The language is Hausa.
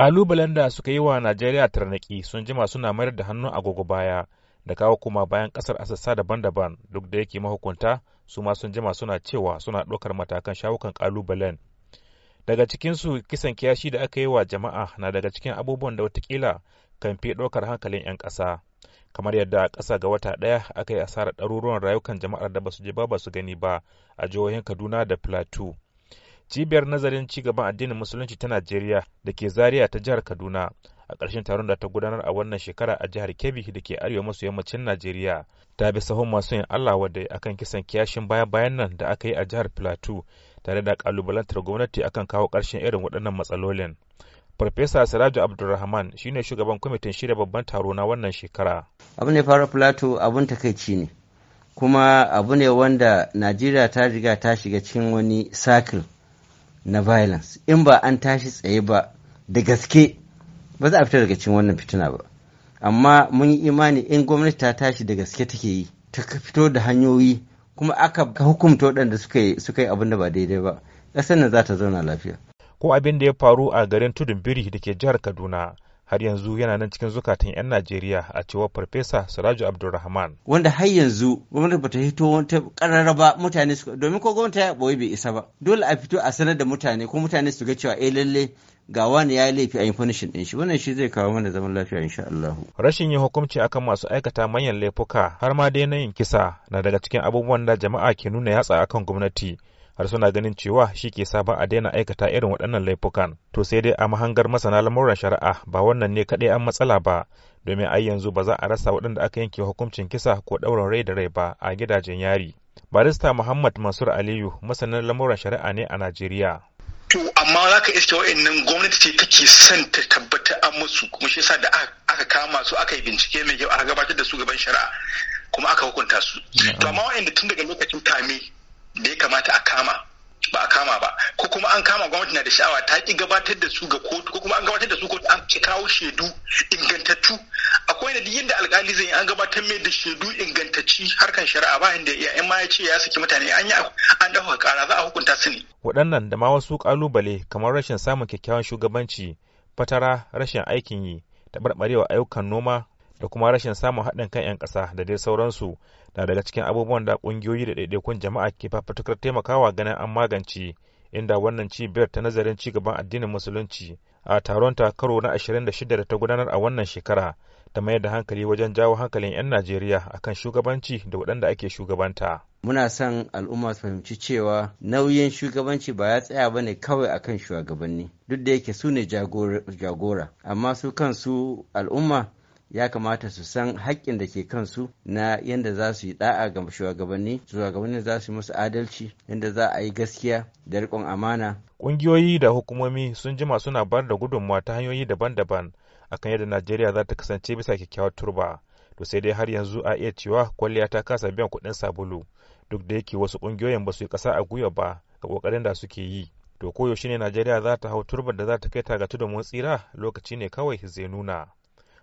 Ƙalubalen da suka yi wa Najeriya tarnaki sun jima suna mayar da hannun agogo baya da kawo kuma bayan ƙasar asassa daban-daban duk da yake mahukunta su ma sun jima suna cewa suna ɗaukar matakan shawukan ƙalubalen. Daga cikinsu kisan kiyashi da aka yi wa jama'a na daga cikin abubuwan da watakila kan fi ɗaukar hankalin 'yan ƙasa. Kamar yadda a ƙasa ga wata ɗaya aka yi asarar ɗaruruwan rayukan jama'ar da basu je ba su gani ba a jihohin Kaduna da Plateau. cibiyar nazarin cigaban addinin musulunci ta najeriya da ke Zariya ta jihar kaduna a ƙarshen taron da ta gudanar a wannan shekara a jihar kebbi da ke arewa maso yammacin najeriya ta bi sahun masu yin allah wadai akan kisan kiyashin baya bayan nan da aka yi a jihar plateau tare da kalubalantar gwamnati akan kawo ƙarshen irin waɗannan matsalolin farfesa siraju abdulrahman shine shugaban kwamitin shirya babban taro na wannan shekara Abu ne fara plateau abun takaici ne kuma abu ne wanda najeriya ta riga ta shiga cikin wani circle na violence in ba an tashi tsaye ba da gaske ba za a fita daga cikin wannan fitina ba amma mun yi imani in gwamnati ta tashi da gaske take yi ta fito da hanyoyi kuma aka hukumta waɗanda suka yi abin da ba daidai ba ƙasar nan za ta zauna lafiya ko abin da ya faru a garin tudun biri da ke jihar kaduna har yanzu yana nan cikin zukatan 'yan Najeriya a cewar Farfesa Siraju Abdulrahman. Wanda har yanzu gwamnati ba ta hito wata karara ba mutane su domin ko gwamnati ya boye bai isa ba. Dole a fito a sanar da mutane ko mutane su ga cewa eh lalle ga wani ya yi laifi a yi punishin din shi wannan shi zai kawo mana zaman lafiya insha Allah. Rashin yin hukunci akan masu aikata manyan laifuka har ma dai na yin kisa na daga cikin abubuwan da jama'a ke nuna yatsa akan gwamnati. har suna ganin cewa shi ke sa ba a daina aikata irin waɗannan laifukan to sai dai a mahangar masana lamuran shari'a ba wannan ne kaɗai an matsala ba domin ai yanzu ba za a rasa waɗanda aka yanke hukuncin kisa ko ɗaurin rai da rai ba a gidajen yari barista muhammad mansur aliyu masanin lamuran shari'a ne a najeriya to amma za ka iske wa'annan gwamnati ce take son ta tabbata an musu kuma shi yasa da aka kama su aka yi bincike mai kyau aka gabatar da su gaban shari'a kuma aka hukunta su to amma wa'anda tun daga lokacin tame da ya kamata a kama ba a kama ba ko kuma an kama gwamnati na da sha'awa ta ki gabatar da su ga kotu ko kuma an gabatar da su kotu an kawo shaidu ingantattu akwai da alkali zai an gabatar mai da shaidu ingantacci harkan shari'a ba inda ya in ma ya ce ya saki mutane an yi an dafa kara za a hukunta su ne waɗannan da ma wasu kalubale kamar rashin samun kyakkyawan shugabanci fatara rashin aikin yi taɓarɓarewa ayyukan noma da kuma rashin samun haɗin kan 'yan ƙasa da dai sauransu na daga cikin abubuwan da ƙungiyoyi da ɗaiɗaikun jama'a ke fafatukar taimakawa ganin an magance inda wannan cibiyar ta nazarin ci gaban addinin musulunci a taron ta karo na 26 da ta gudanar a wannan shekara ta mayar da hankali wajen jawo hankalin 'yan Najeriya akan shugabanci da waɗanda ake shugabanta. Muna son al'umma su fahimci cewa nauyin shugabanci ba ya tsaya ba ne kawai akan shugabanni duk da yake su ne jagora amma su kansu al'umma ya kamata su san haƙƙin da ke kansu na yadda za su yi da'a ga shugabanni shugabanni za su yi musu adalci yadda za a yi gaskiya da riƙon amana ƙungiyoyi da hukumomi sun jima suna bayar da gudunmawa ta hanyoyi daban-daban akan yadda najeriya za ta kasance bisa kyakkyawar turba to sai dai har yanzu a iya cewa kwalliya ta kasa biyan kuɗin sabulu duk da yake wasu ƙungiyoyin ba su yi ƙasa a gwiwa ba ga ƙoƙarin da suke yi to koyaushe ne najeriya za ta hau turbar da za ta kai ta ga tudun tsira lokaci ne kawai zai nuna